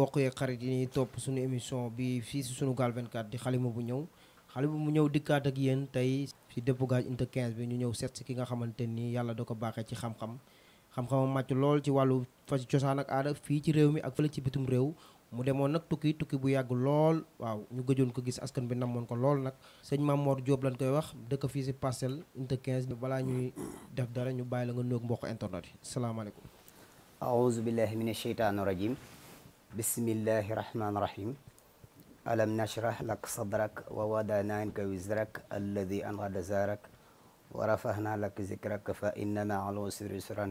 mbokk yeeg xarit yi ñuy topp suñu émission bi fii si Sunugal 24 di xalima bu ñëw xalima bu ñëw dikkaat ak yéen tey si dépogage inte 15 bi ñu ñëw set si ki nga xamante ni yàlla da ko baaxee ci xam-xam xam-xamam màcc lool ci wàllu faj cosaan ak aada fii ci réew mi ak fële ci bitum réew mu demoon nag tukki tukki bu yàgg lool waaw ñu gëjoon ko gis askan bi namoon ko lool nag sëñ Mame Mor Diop lañ koy wax dëkk fii si Parcelles Unité 15 balaa ñuy def dara ñu bàyyi la nga nuyoog mbokk internet yi salaamaaleykum bismillahi rahmaani rahim alam nashrah lak sadrak wa wadana anka wizrak alladi anqada zarak wa rafahna lak zikrak fa inna ma'a al-usri yusran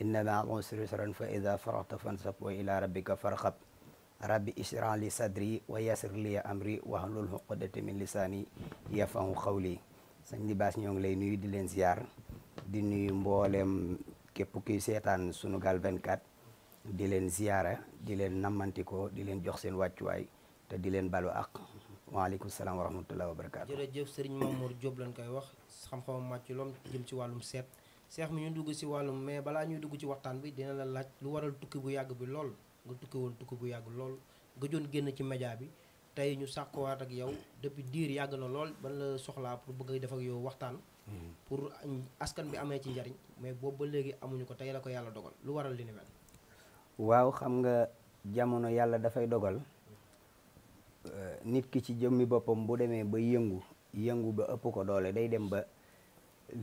inna ma'a al-usri yusran fa idha faragta fansab wa ila rabbika farghab rabbi ishrah li sadri wa yassir li amri wahlul uqdatan min lisani yafqahu qawli sëñ di baas ñoo ngi lay nuyu di leen ziar di nuyu mboolem képp kuy seetaan Sunugal 24 di leen ziyaara di leen nammantikoo di leen jox seen wàccuwaay te di leen balu ak waaleykum salaam wa rahmatullahi wa barakaatu jërëjëf sëriñ Mamour Diop lañ koy wax xam-xamam màcc loom jëm ci wàllum seet seex mi ñu dugg si wàllum mais balaa ñuy dugg ci waxtaan bi dina la laaj lu waral tukki bu yàgg bi lool nga tukki woon tukki bu yàgg lool nga joon génn ci média bi tey ñu sàkkuwaat ak yow depuis diir yàgg na lool ban la soxlaa pour bëgg def ak yow waxtaan hmm. pour askan bi amee ci njariñ mais boobu ba léegi amuñu ko tey la ko yàlla dogal lu waral li ni waaw xam nga jamono yàlla dafay dogal eh, nit ki ci jëmmi boppam bu demee ba yëngu yëngu ba ëpp ko doole day dem ba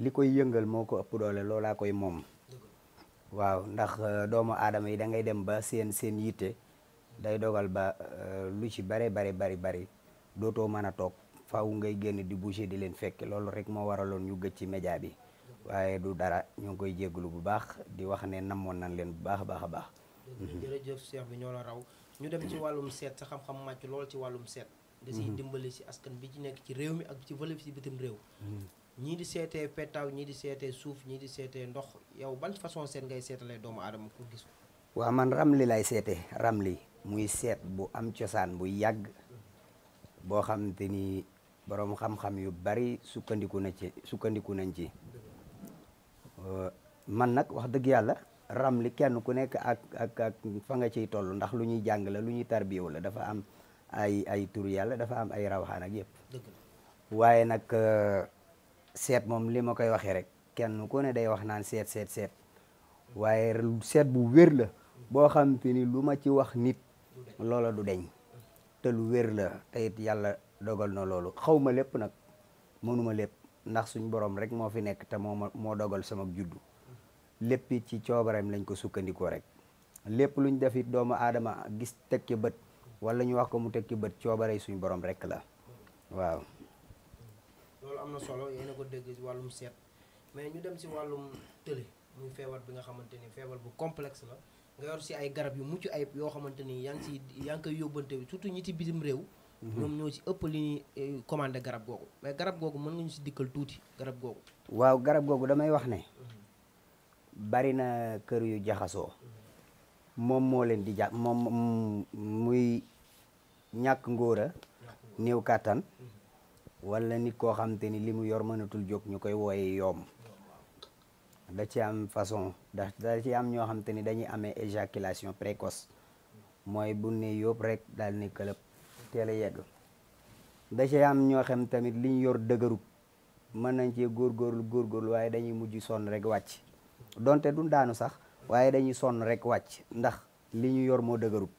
li koy yëngal moo ko ëpp doole loolaa koy moom waaw ndax eh, doomu aadama yi da ngay dem ba seen seen yitte day dogal ba eh, lu ci bare bari bari bari dootoo mën a toog faaw ngay génn di bouger di leen fekk loolu rek moo waraloon ñu gëj ci média bi waaye du dara ñu ngi koy jégalu bu baax di wax ne nammoon nañ leen bu baax a baax a baax jërëjëf Cheikh bi ñoo raw ñu dem ci wàllum seet sa xam-xam màcc lool ci wàllum seet da siy mhm. dimbali si askan bi ci nekk ci réew mi ak ci vëlëb si bitim réew mhm. ñii di seetee pettaaw ñii di seetee suuf ñii di seetee ndox yow ban façon seet ngay seetale doomu adama ku gis waa man ramli lay seete ramli muy seet bu am cosaan bu yàgg boo xam te ni boroom xam-xam yu bari sukkandiku na ci sukkandiku nañ ci euh, man nag wax dëgg yàlla ram li kenn ku nekk ak ak ak fa nga ciy toll ndax lu ñuy jàng la lu ñuy tarbiyewu la dafa am ay ay tur yàlla dafa am ay rawaxaan ak yëpp waaye nag euh, seet moom li ma koy waxee rek kenn ku ne day wax naan seet seet seet waaye seet bu wér la boo xam te ni lu ma ci wax nit loola du deñ te lu wér la te yàlla dogal na loolu xaw ma lépp nag mënuma lépp ndax suñ borom rek moo fi nekk te moo moo dogal sama juddu lépp it ci coobareem lañ ko sukkandikoo rek lépp lu luñ def it doomu aadama gis tekki bët wala ñu wax ko mu tekki bët coobare suñu borom rek la waaw. loolu am na solo yéen a ko dégg ci wàllum seet mais ñu dem ci wàllum tële muy feebar bi nga xamante ni feebar bu complexe la nga yor ci ay garab yu mucc ayib yoo xamante ni yaa ci yaa ngi koy yóbbante surtout ñi ci bitim réew. Mhm. ñoom ñoo ci ëpp li ñuy eh, commandé garab googu mais garab googu mën nga ñu ci dikkal tuuti garab googu. waaw garab googu wax ne. Mhm. bari na kër yu jaxasoo moom moo leen di ja moom muy ñàkk ngóora néew kàttan wala nit koo xam te ni li mu yor mënatul jóg ñu koy wooye yoom da ci am façon da da ci am ñoo xam te ni dañuy amee éjaculation précoce mooy bu ne yóob rek daal ni këlëb teel a yegg da ci am ñoo xam tamit li ñu yor dëgërut mën nañ cee góor góorgóorlu waaye dañuy mujj sonn rek wàcc donte du daanu sax waaye dañuy sonn rek wàcc ndax li ñu yor moo dëgërut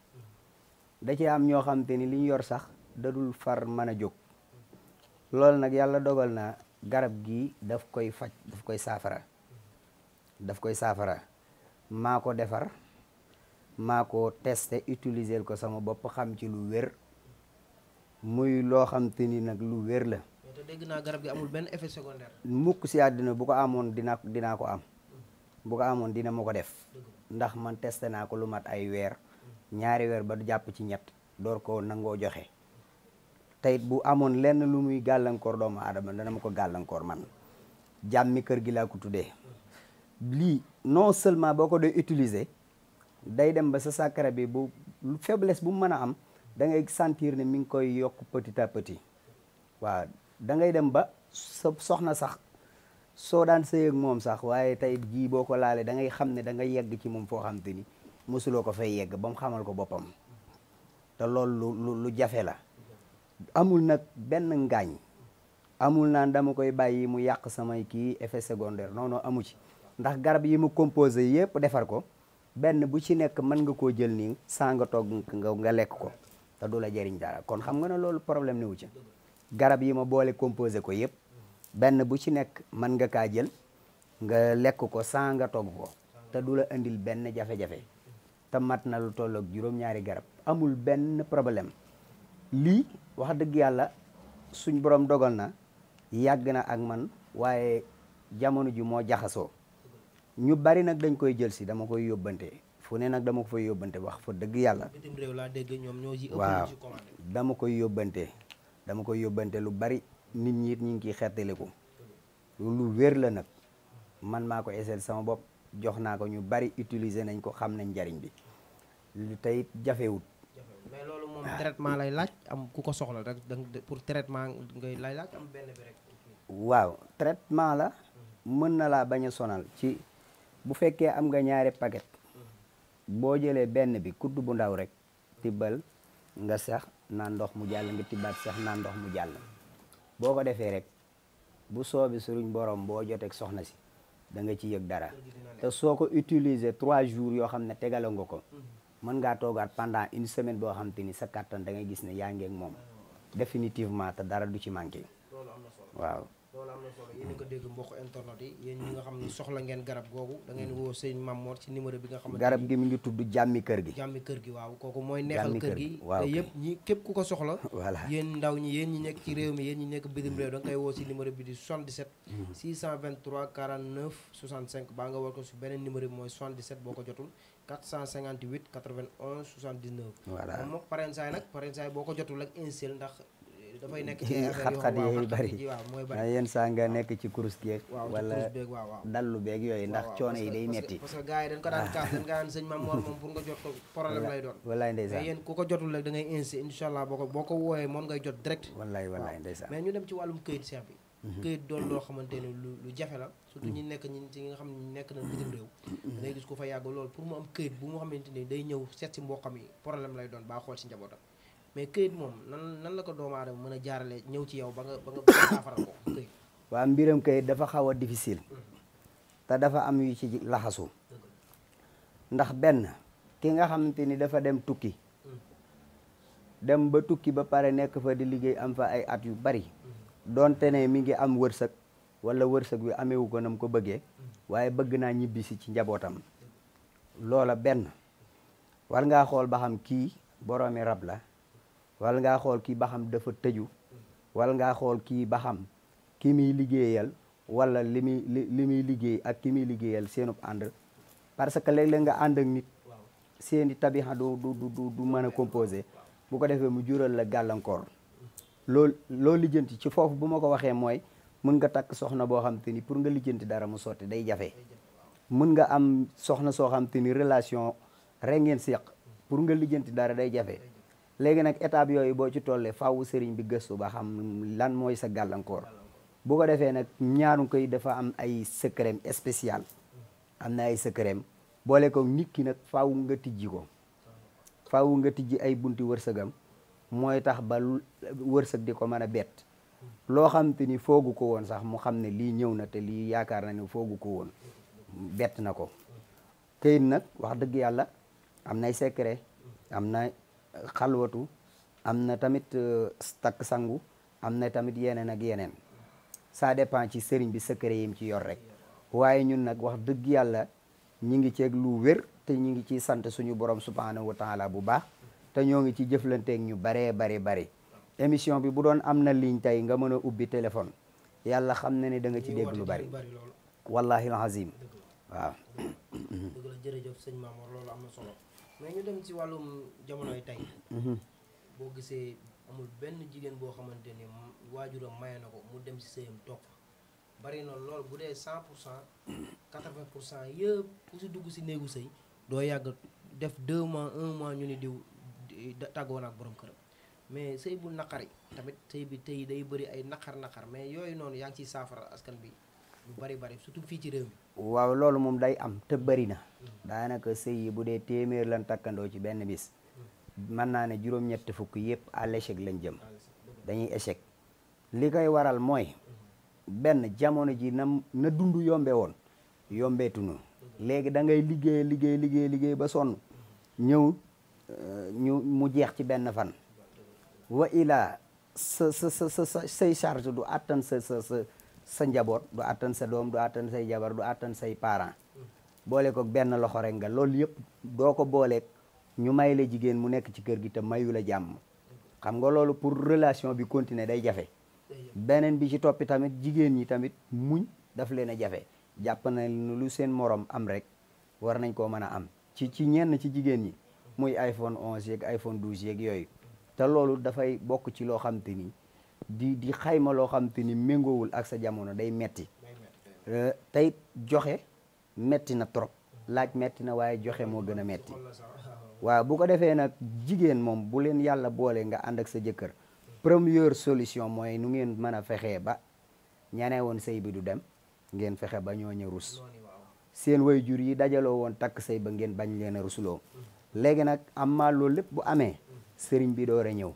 da ci am ñoo xam ni li ñu yor sax dadul far mën a jóg loolu nag yàlla dogal na garab gi daf koy faj daf koy saafara daf koy saafara maa ko defar maa ko teste utiliser ko sama bopp xam ci lu wér muy loo xam te nag lu wér la. te gi amul benn effet secondaire. mukk si àddina bu ko amoon dina dinaa ko am. bu ko amoon dina ma ko def ndax man testé naa ko lu mat ay weer ñaari weer ba jàpp ci ñett door ko nangoo joxe teyit bu amoon lenn lu muy gàllankoor doomu aadama dana ma ko gàllankoor man jàmmi kër gi laa ko tuddee lii non seulement boo ko dee utiliser day dem ba sa sàkkara bi bu faiblesse bu mën a am da ngay sentir ne mi ngi koy yokk petit à petit waaw dem ba sa soxna sax soo daan sëy ak moom sax waaye tey gii boo ko laalee da ngay xam ne da yegg ci moom foo xam te ni mosuloo ko fay yegg ba mu xamal ko boppam te loolu lu jafe la amul nag benn ngaañ amul naan dama koy bàyyi mu yàq samay kii effet secondaire noonu amu ci ndax garab yi mu composé yëpp defar ko benn bu ci nekk mën nga koo jël nii saa nga toog nga nga lekk ko te du la jëriñ dara kon xam nga ne loolu problème newu ci garab yi ma boole composé ko yëpp benn bu ci nekk man nga kaa jël nga lekk ko saa nga togg ko te du la indil benn jafe-jafe te mat na lu tolloog juróom-ñaari garab amul benn problème lii wax dëgg yàlla suñ borom dogal na yàgg na ak man waaye jamono ji moo jaxasoo ñu bari nag dañ koy jël si dama koy yóbbante fu ne nag dama koy yóbbante wax fa dëgg yàlla bitim ñoo ci waaw dama koy yóbbante dama koy yóbbante lu bari nit ñi ñu ngi ciy xettaliku loolu lu wér la nag man maa ko essayé sama bopp jox naa ko ñu bari utiliser nañ ko xam nañ njariñ bi lu tey jafewut. mais loolu moom traitement lay laaj am ku ko soxla rek pour traitement ngay lay laaj am benn bi rek. waaw traitement la mën na laa bañ a sonal ci bu fekkee am nga ñaari paquet boo jëlee benn bi kudd bu ndaw rek tibbal nga sax naan ndox mu jàll nga tibbaat sax naa ndox mu jàll. boo ko defee rek bu soobi suruñ borom boo joteeg soxna si da nga ci yëg dara te soo ko utiliser trois jours yoo xam ne tegala nga ko mën ngaa toogaat pendant une semaine boo xam te ni sa kattan da ngay gis ne yaa ngeen moom mm. definitivement te dara du ci manqué waaw loolu am na solo yéen a ko dégg mbokk internet yi yéen ñi nga xam ne soxla ngeen garab googu da woo sëñ Mamor ci numéro bi nga xam ne garab gi mi ngi tudd jàmmi kër gi waaw kooku mooy neexal kër gi te yëpp ñi képp ku ko soxla voilà ndaw ñi yéen ñi nekk ci réew mi yéen ñi nekk bitim réew da woo si numéro bi di 77 623 49 65 baa nga war ko su beneen numéro bi mooy 77 boo ko boo ko jotul ak un seul ndax dafay nekk ci xat-xat yi bari waaw yenn saa nga nekk ci yooyu ndax coono yi day metti parce que gars yi dañ ko daan ah. kaas dañ ko jot ko problème lay doon wallaay ndeysaan boo ko boo ko wooyee moom ngay jot direct wallaay wallaay ndeysaan mais ñu dem ci wàllum këyit seex bi mhm. këyit doon nekk ñi nga xam ne nekk na bitim réew mhm. da gis ku fa yàgg lool pour mu am këyit bu mu xamante ni day ñëw seet si mbokkam yi problème lay doon baa xool si njabootam mais këyit moom nan nan la ko doomu aadama mën a jaarale ñëw ci yow ba nga ba mbiram këyit dafa xaw a difficile hmm. te dafa am yu ci laxasu hmm. ndax benn ki nga xamante ni dafa dem tukki hmm. dem ba tukki ba pare nekk fa di liggéey am fa ay at yu bari donte ne mi ngi am wërsëg wala wërsëg wi amewu ko nam ko bëggee waaye bëgg naa ñibbisi ci njabootam loola benn war ngaa xool ba xam kii boroomi rab la wala ngaa xool kii baxam dafa tëju wala ngaa xool kii baxam xam ki liggéeyal wala li muy li muy liggéey ak ki muy liggéeyal seenub ànd parce que léeg-léeg nga ànd nit seeni tabixa du du du du mën a composé bu ko defee mu jural la gàllankoor loolu loolu lijjanti ci foofu bu ma ko waxee mooy mën nga takk soxna boo xam te ni pour nga lijjanti dara mu sotti day jafe mun nga am soxna soo xam te ni relation rek ngeen seq pour nga lijjanti dara day jafe léegi nag étape yooyu boo ci tollee faaw sëriñ bi gëstu ba xam lan mooy sa gàllankoor bu ko defee nag ñaaru koy dafa am ay secret spécial am na ay secret boole ko nit ki nag faw nga tijji ko faw nga tijji ay bunti wërsëgam mooy tax ba wërsëg di ko mën a bett loo xam te ni foogu ko woon sax mu xam ne lii ñëw na te lii yaakaar na ne foogu ko woon bett na ko këyit nag wax dëgg yàlla am nay secret am na xalwatu am na tamit euh, takk sangu am na tamit yeneen ak yeneen ça dépend ci sëriñ bi secret yim ci yor rek waaye ñun nag wax dëgg yàlla ñu ngi ceeg lu wér te ñu ngi ci sant suñu borom subhanahu wa taala bu baax te ñoo ngi ci jëflanteeg ñu baree bari bari émission bi bu doon am na ligne tey nga mën a ubbi téléphone yàlla xam na ni danga ci dégg lu bari wallahi alazim waaw mais ñu dem ci wàllum jamonoy tey. Mhm. boo gisee amul benn jigéen boo xamante ni waajuram maye na ko mu dem ci sëyam toog bari na lool bu dee 100 pour cent 80 pour cent yëpp ku si dugg si néegu sëy doo yàgg def 2 mois 1 mois ñu ni diw taggoon ak borom këram mais sëy bu naqari tamit sëy bi tey day bëri ay naqar naqar mais yooyu noonu yaa ngi ciy saafara askan bi. lu bari surtout fii ci réew waaw loolu moom day am te bëri na. daanaka sëy bu dee téeméer lan takkandoo ci benn bis. mën naa ne juróom-ñett fukk yëpp à l'échec lañ jëm. dañuy échec li koy waral mooy. benn jamono ji na na dund yombe woon yombeetunu léegi da ngay liggéey liggéey liggéey liggéey ba sonn ñëw euh, ñu mu jeex ci benn fan wa ilaa sa sa sa charge du attan sa sa sa sa njaboot du attan sa doom du attan say jabar du attan say parents boole ko benn loxo rek nga loolu yëpp doo ko booleeg ñu may la jigéen mu nekk ci kër gi te mayu jàmm xam nga loolu pour relation bi continuer day jafe beneen bi ci toppi tamit jigéen ñi tamit muñ daf leen a jafe jàpp na lu seen moroom am rek war nañ ko mën a am ci ci ñenn ci jigéen ñi muy iPhone 11 yeeg iPhone 12 yeeg yooyu te loolu dafay bokk ci loo xam te ni di di xayma loo xam te ni méngoowul ak sa jamono day metti euh, tey joxe metti na trop laaj metti na waaye joxe moo gën a metti waaw bu ko defee nag jigéen moom bu leen yàlla boole nga ànd ak sa jëkkër première solution mooy nu ngeen mën a fexee ba ñane woon sëy bi du dem ngeen fexe ba ñooñu rus seen way jur yi dajaloo woon takk sëy ba ngeen bañ leen a rusuloo léegi nag am maa lépp bu amee mm. sëriñ bi doore ñëw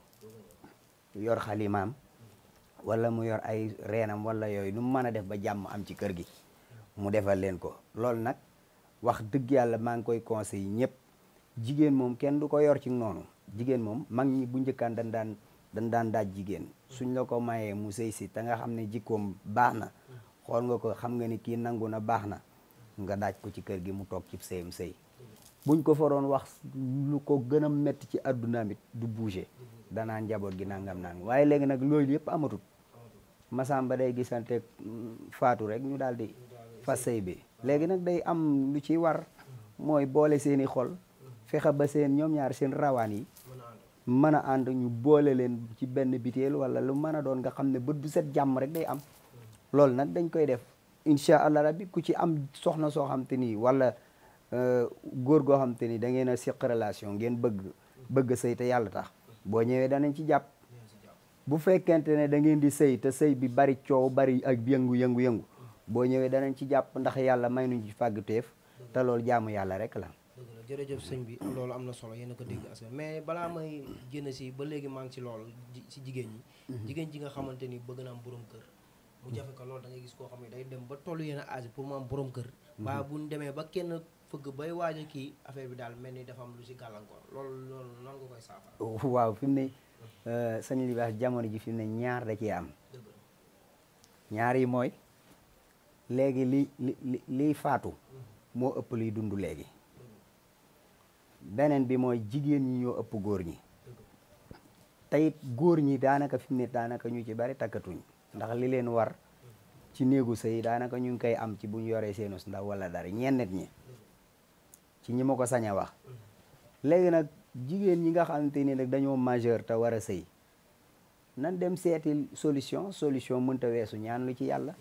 yor xalimaam wala mu yor ay reenam wala yooyu nu mu mën a def ba jàmm am ci kër gi mu defal leen ko loolu nag wax dëgg yàlla maa ngi koy conseil ñëpp jigéen moom kenn du ko yor ci noonu jigéen moom mag ñi bu njëkkaan dañ daan dañ daan daaj jigéen suñ la ko mayee mu sëy si te nga xam ne jikkoom baax na xool nga ko xam nga ni kii nangu na baax na nga daaj ko ci kër gi mu toog ci sëyam sëy buñ ko faroon wax lu ko gën a métti ci àdduna mit du bouger danaa njaboot gi nangam nang waaye léegi nag loolu yëpp amatul Masamba day gisante mm, faatu rek ñu daal di fas sëy bi léegi nag day am lu ci war mooy boole seeni xol fexe ba seen ñoom ñaar seen rawaan yi mën a ànd ñu boole leen ci benn biteel wala lu mën a doon nga xam ne bët bu set jàmm rek day am loolu nag dañ koy def incha allah rabbi ku ci am soxna soo xam te nii wala euh, góor goo xam ni da ngeen a seq relation ngeen bëgg bëgg sëy te yàlla tax boo ñëwee danañ ci jàpp bu fekkente ne da ngeen di sëy te sëy bi bari coow bari ak yëngu yëngu yëngu boo ñëwee danañ ci jàpp ndax yàlla may nuñ fàgg fàgguteef te loolu jaamu yàlla rek la. dëgg la jërëjëf sëñ bi loolu am na solo yéen a ko dégg as mais balaa may génn si ba léegi maa ngi si loolu ci jigéen ñi. Mhm. jigéen ji nga xamante ni bëgg na boroom kër. mu jafe ko loolu da ngay gis koo xam ne day dem ba tollu yenn âge pour mu am borom kër. Mhm. waaye bu ñu demee ba kenn fëgg bay waaj a kii affaire bi daal mel ni dafa am lu si gàllankoor loolu Euh, sëñ libaas jamono ji fi nañ ñaar da cee am ñaar yi mooy léegi li li liy faatu moo ëpp liy dund léegi beneen bi mooy jigéen ñi ñoo ëpp góor ñi teyit góor ñi daanaka fi mu ne daanaka ñu ci bari takkatuñ ndax li leen war ci néegu sëy daanaka ñu ngi koy am ci bu ñu yoree seenus ndaw wala dara ñennet ñi ci ñi ma ko sañ a wax léegi nag jigéen ñi nga xamante ni nag dañoo majeur te war a sëy nan dem seeti solution solution mënta weesu ñaan lu ci yàlla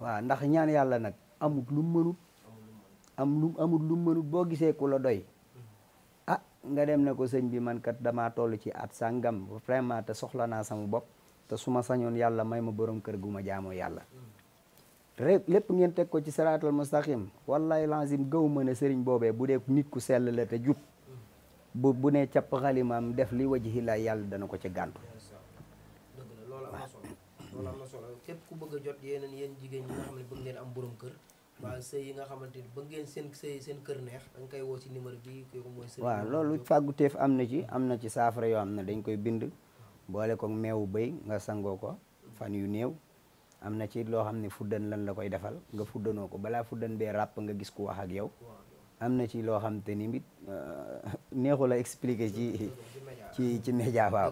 waaw ndax ñaan yàlla nag amut lum mënut am lu amut lu mënut boo gisee ku la doy mm-hmm. ah nga dem na ko sëñ bi man kat damaa toll ci at sàngam vraiment te soxla naa sama bopp te su ma sañoon yàlla may ma borom kër gu ma jaamoo yàlla mm-hmm. lépp ngeen teg ko ci saraatal mustaqim wallahi lazim gaw mën a sëriñ boobee bu dee nit ku sell la te bu bu ne capp xalimaam def li wajihi la yàlla dana ko ci gàntu loolu képp ku bëgg jot yeneen yéen jigéen ñi nga xam am borom kër waaw yi nga xamante ni bëgg seen sëy seen kër neex da koy woo ci numéro bi kooku mooy sëy loolu fàgguteef am na ci am na ci saafara yoo xam ne dañ koy bind boole ko meewu béy nga sangoo ko fan yu néew am na ci loo xam ne fuddan lan la koy defal nga fuddanoo ko balaa fuddan bee ràpp nga gis ku wax ak yow am na ci loo xam te ni mbit euh, neexu la expliquer ci ci ci média waaw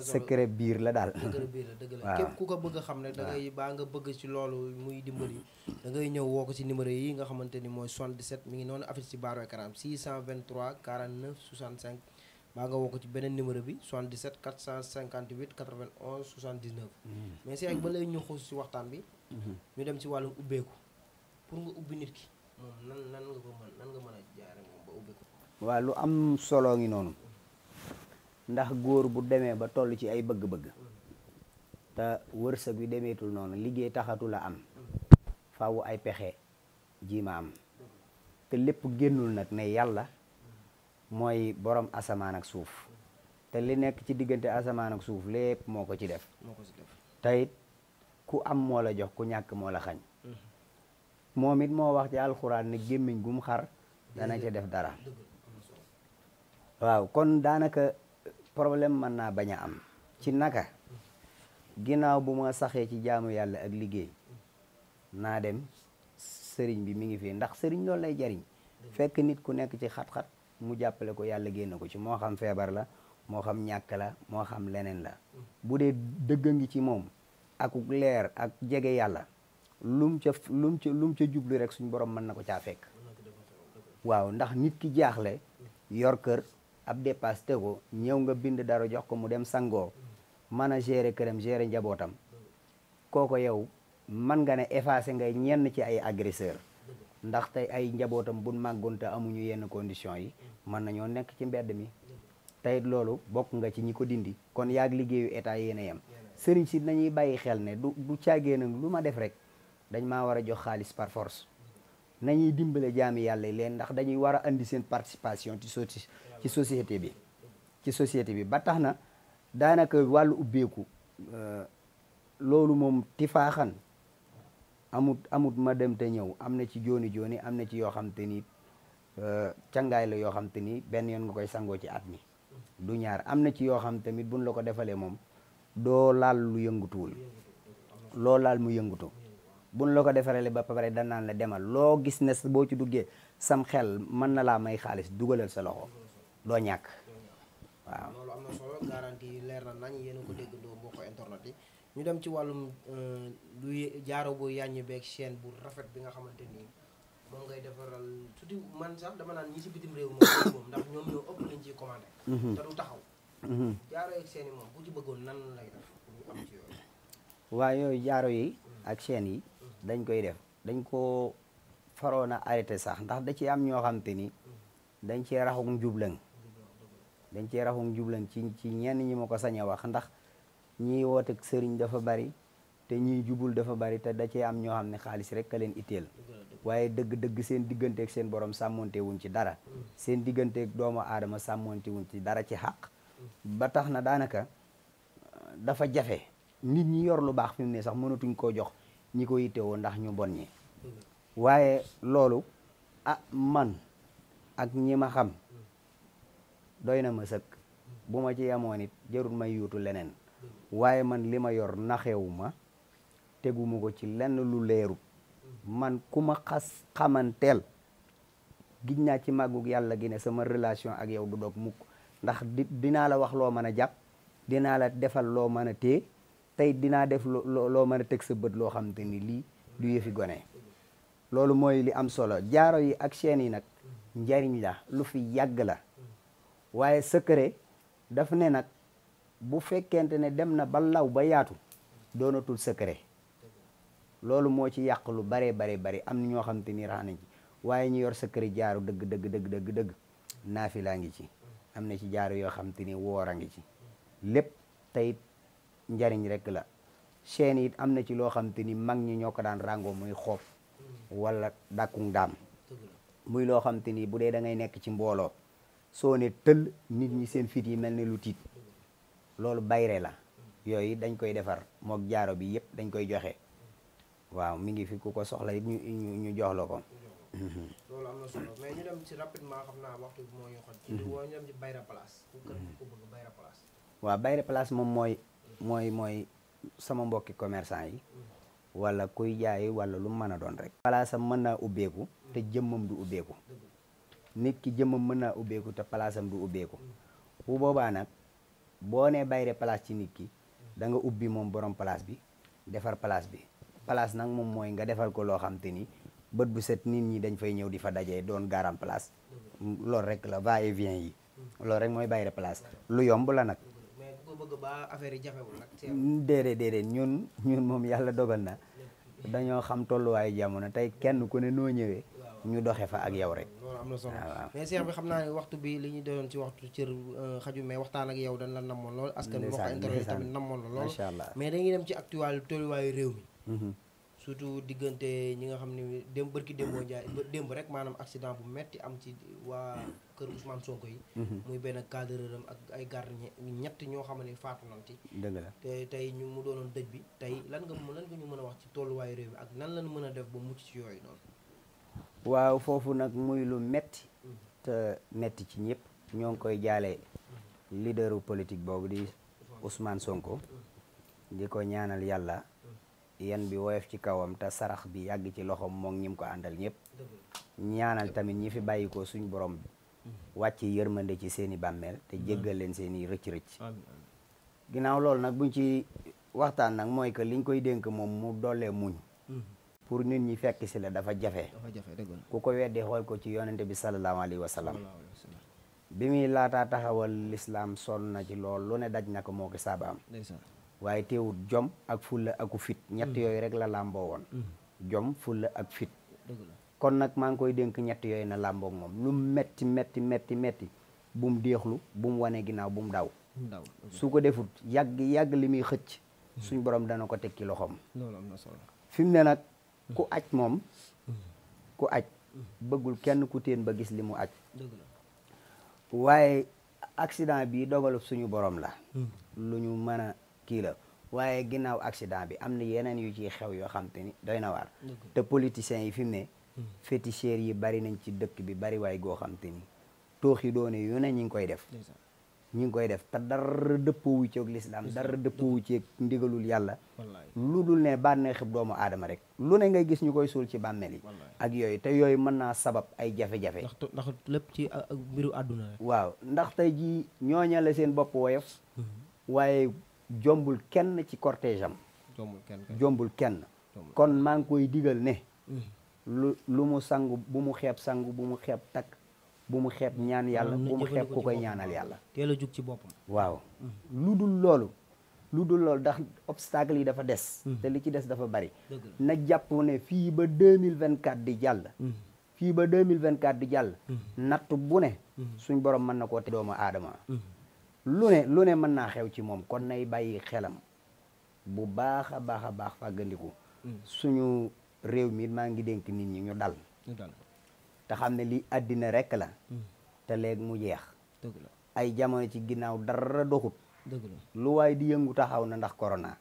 secret biir la daal biir la dëgg la képp ku ko bëgg xam ne da baa nga bëgg ci loolu muy dimbali da ngay ñëw woo ko ci numéro yi nga xamante ni mooy 77 mi ngi noonu affiche ci baaru écran 623 49 65 maa nga woo ko ci beneen numéro bi 77 458 91 79 mais si ak ba lay ñu xuus ci waxtaan bi mm-hmm. ñu dem ci wàllum ubbeeku pour nga ubbi nit ki waaw lu am solo ngi noonu ndax góor bu demee ba toll ci ay bëgg-bëgg te wërsëg wi demeetul noonu liggéey taxatu la am faaw ay pexe ji am te lépp génnul nag ne yàlla mooy boroom asamaan ak suuf te li nekk ci diggante asamaan ak suuf lépp moo ko ci def teyit ku am moo la jox ku ñàkk moo la xañ moom it moo wax ci alxuraan ne gémmiñ gum xar dana ca def dara waaw kon daanaka problème mën naa bañ a am ci naka ginnaaw bu ma saxee ci jaamu yàlla ak liggéey naa dem sëriñ bi mi ngi fii ndax sëriñ loolu lay jariñ fekk nit ku nekk ci xat-xat mu jàppale ko yàlla génn ko ci moo xam feebar la moo xam ñàkk la moo xam leneen la bu dee dëgg ngi ci moom ak leer ak jege yàlla lum ca lum ca lum ca jublu rek suñu borom mën na ko caa fekk waaw ndax nit ki jaaxle yor kër ab dépasse ko ñëw nga bind dara jox ko mu dem sangoo mën a gérer këram gérer njabootam kooko yow mën nga ne effacé nga ñenn ci ay agresseur ndax tey ay njabootam buñ màggoon te amuñu yenn condition yi mën nañoo nekk ci mbedd mi teyit loolu bokk nga ci ñi ko dindi kon yaag liggéeyu état yéen yam yem sëriñ si nañuy bàyyi xel ne du du caagee nag lu ma def rek dañ maa war a jox xaalis par force nañuy dimbale jaami yàlla yi leen ndax dañuy war a andi seen participation ci so ci société bi ci société bi ba tax na daanaka wàllu ubbeeku euh, loolu moom tifaaxan amut amut ma dem te ñëw am na ci jooni jooni am na ci yoo xam te ni euh, cangaay la yoo xam te ni benn yoon nga koy sangoo ci at mi du ñaar am na ci yoo xam tamit buñ la ko defalee moom doo laal lu yëngutuwul loo laal mu yëngutu buñ la ko defaree ba pare naan la demal loo gis ne boo ci duggee sam xel mën na laa may xaalis dugalal sa loxo doo ñàkk waaw. na solo garantie yi leer na nañ yéen a ko déggandoo mbokku internet ñu dem ci wàllum euh, lu jaaro bu yàññi beeg chaîne bu rafet bi nga xamante ni moom ngay man sax dama naan ñi bitim réew moom ndax mhm. taxaw. Mhm. jaaro yi bëggoon nan lay ci yooyu. waaw jaaro yi ak chaîne yi. dañ koy def dañ ko faroon a arrêté sax ndax da ci am ñoo xam te ni dañ cee raxug njublaŋ dañ cee raxug njublaŋ ci ci ñenn ñi ma ko sañ a wax ndax ñiy woote sëriñ dafa bari te ñiy jubul dafa bari te da cee am ñoo xam ne xaalis rek ka leen itteel waaye dëgg-dëgg seen digganteeg seen borom sàmmonte wuñ ci dara seen digganteeg doomu aadama sàmmonte wuñ ci dara ci xàq ba tax na daanaka dafa jafe nit ñi yor lu baax fi mu ne sax mënatuñ koo jox ñi ko yittewoo ndax ñu bon ñi mm-hmm. waaye loolu a ah, man ak ñi ma xam mm-hmm. doy na ma sëkk mm-hmm. bu ma ci yemoon it jarul may yuutu leneen waaye man li ma yor naxewu ma teguma ko ci lenn lu leeru man ku ma xas xamanteel gis naa ci màggug yàlla gi ne sama relation ak yow du dog mukk ndax di dinaa la wax loo mën a jàpp dinaa la defal loo mën a téye tey dinaa def loo loo mën a teg sa bët loo xamante ni lii du yëfi gone loolu mooy li am solo jaaro yi ak seen yi nag njariñ la lu fi yàgg la waaye secret daf ne nag bu fekkente ne dem na ba law ba yaatu doonatul secret loolu moo ci yàq lu bare bare bare am na ñoo xam te ni rax nañ ci waaye ñu yor secret jaaru dëgg dëgg dëgg dëgg dëgg naafilaa ngi ci am na ci jaaro yoo xam te ni woor ngi ci lépp tey njariñ rek la chaîne it am na ci loo xam te ni mag ñi ñoo ko daan ràngoo muy xoof wala dàkkung daam muy loo xam te ni bu dee dangay nekk ci mbooloo soo ne tël nit ñi seen fit yi mel ne lu tiit loolu bayre la yooyu dañ koy defar mook jaaro bi yëpp dañ koy joxe waaw mi ngi fi ko ko loolu am ñu dem ci rapidement mhm. moom mooy mooy mooy sama mbokki commerçant yi wala kuy jaay wala lu mën a doon rek palaasam mën naa ubbeeku te jëmmam du ubbeeku nit ki jëmmam mën naa ubbeeku te palaasam du ubbeeku bu boobaa nag boo ne bayre place ci nit ki da ubbi moom borom place bi defar place bi place nag moom mooy nga defal ko loo xam te ni bët bu set nit ñi dañ fay ñëw di fa dajee doon garam place loolu rek la va et yi loolu rek mooy bayre place lu yomb la nag bëgg ba affaire yi jafewul déedéet ñun ñun moom yàlla dogal na dañoo xam tolluwaayu jamono tey kenn ku ne noo ñëwee. ñu doxee fa ak yow rek. loolu am na solo mais bi xam naa ne waxtu bi li ñu doon ci waxtu cër euh, xaju mais waxtaan ak yow dañ la namoon lool. askan wi moo ko interroger tamit namoon la lool. macha dañuy dem ci actualité tolluwaayu réew mi. Mhm. surtout diggante ñi nga xam ne démb bërki démboo njaay démb rek maanaam accident bu metti am ci waa kër Ousmane Sonko yi mhm. muy benn cadreuram ak ay garde ñett ñoo xam ne faatu nañ ci te tey ñu mu doonoon dëj bi tey lan nga lan nga ñu mën a wax ci tolluwaayu réew mi ak nan lan mën a def ba mucc ci yooyu noonu waaw foofu nag muy lu metti mhm. te metti ci ñëpp ñoo ngi koy jaale mhm. leaderu politique boobu di Ousmane Sonko di ko ñaanal yàlla yan bi woyof ci kawam te sarax bi yàgg ci loxoom moom ñi ko àndal ñëpp ñaanal tamit ñi fi bàyyi ko suñ borom bi mm-hmm. wàcc yërmande ci seen i bàmmeel te mm-hmm. jéggal leen seen i rëcc-rëcc ginnaaw loolu nag buñ ci waxtaan nag mooy que liñ koy dénk moom mu doolee muñ mm-hmm. pour nit ñi fekk si la dafa jafe ku ko weddi xool ko ci yonente bi sallallahu alayhi wa bi muy laataa taxawal lislaam sol na ci lool lu ne daj na ko moo ki saaba am waaye teewut jom ak fulla aku fit ñett mm. yooyu rek la làmboo woon mm. jom fulla ak fit kon nag maa ngi koy dénk ñett yooyu na làmboog moom lu metti metti metti metti bu mu déexlu bu mu wanee ginnaaw bu mu daw su ko defut yàgg yàgg li muy xëcc mm. suñ borom dana ko tekki loxoom loolu am na fi mu ne nag ku aj moom ku aj bëggul kenn ku téen ba gis li mu aj waaye accident bi dogalu suñu borom la lu ñu mën kii waaye ginnaaw accident bi am na yeneen yu ciy xew yoo xam te ni doy na waar te politiciens yi fi mu ne hmm. féticheurs yi bari nañ ci dëkk bi bari waaye goo xam te ni toox yi doone yu ne ñi ngi koy def ñi ngi koy def te dara dëppoowu ci ak lislaam dara dëppoowu ci ak ndigalul yàlla lu dul ne bànneexu doomu aadama rek lu ne ngay gis ñu koy suul ci bàmmeel yi ak yooyu te yooyu mën naa sabab ay jafe-jafe ndax lépp ci mbiru àdduna waaw ndax tey jii ñooña seen bopp woyof hmm. jombul kenn ci cortège am jombul kenn kon maa ngi koy digal ne mm. lu lu mu sangu bu mu xeeb sangu bu mu xeeb takk bu mu xeeb ñaan yàlla bu mu xeeb ku koy ñaanal yàlla teel a jug ci boppam waaw mm. lu dul loolu lu dul loolu ndax obstacle yi dafa des mm. te li ci des dafa bari na jàpp ne fii ba vingt 2024 di jàll fii ba vingt 2024 di jàll natt bu ne suñ borom mën na koo te doomu aadama lu ne lu ne mën naa xew ci moom kon nay bàyyi xelam bu baax a baax a baax fàggandiku mm. suñu réew mi maa ngi dénk nit ñi ñu dal te xam ne lii àddina rek la mm. te léegi mu jeex ay jamono ci ginnaaw dara doxut lu waaye di yëngu taxaw na ndax corona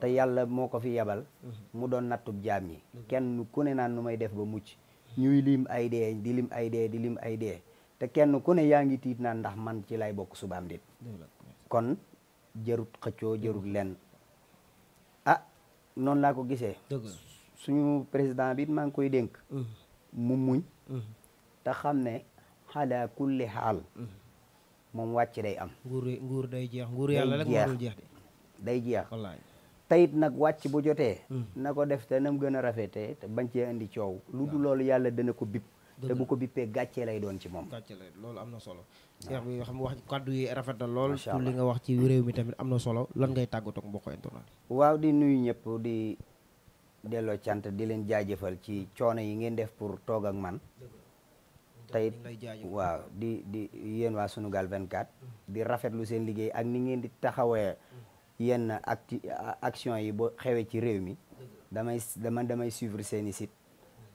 te yàlla moo ko fi yebal mm-hmm. mu doon nattub jaam yi kenn ku ne naan nu may def ba mucc ñuy lim ay dee di lim ay dee di ay dee te kenn ku ne yaa ngi tiit naan ndax man ci lay bokk subaam déet kon jarut xëccoo jarut lenn a ah, noonu laa ko gisee suñu président bi maa ngi koy dénk mm-hmm. mu muñ mm-hmm. te xam ne xalaa kulli xaal mm-hmm. moom wàcc day am nguur day jeex nguur yàlla rek moo dul jeex de day jeex nag wàcc bu jotee na ko def te nam gën a rafetee te bañ cee indi coow lu du loolu yàlla dana ko bip te bu ko bippee gàccee lay doon ci moom gàccee lay loolu am na solo seex bi xam wax kàddu yi rafet na lool pour li nga wax ci réew mi tamit am na solo lan ngay tàggatoog mbokk internet waaw di nuyu ñëpp di delloo cant di leen jaajëfal ci coono yi ngeen def pour toog ak man tey waaw di di yéen waa Sunugal 24 mm. di lu seen liggéey ak ni ngeen di taxawee mm. yenn acti action yi ba xewee ci réew mi damay dama seen i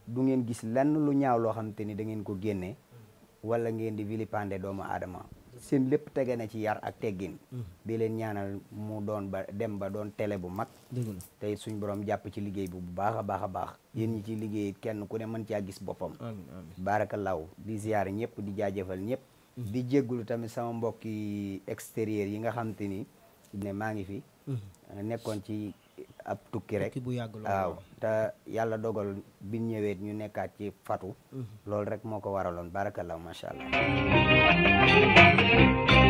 du ngeen gis lenn lu ñaaw loo xamante ni da ngeen ko génne wala ngeen di vilipande doomu aadama seen lépp tege na ci yar ak teggin mm. di leen ñaanal mu doon ba dem ba doon télé bu mag tey suñ borom jàpp ci liggéey bi bu baax a baax a baax yéen ñi ci liggéey kenn ku ne mën caa gis boppam law di ziyaar ñëpp di jaajëfal ñëpp mm. di jéggulu tamit sama mbokki extérieur yi nga xam te ni ne maa ngi fi mm. nekkoon ci ab tukki rek waaw te yàlla dogal biñ ñëwee ñu nekkaat ci fatu mhm. loolu rek moo ko waraloon barakallaahu macha allah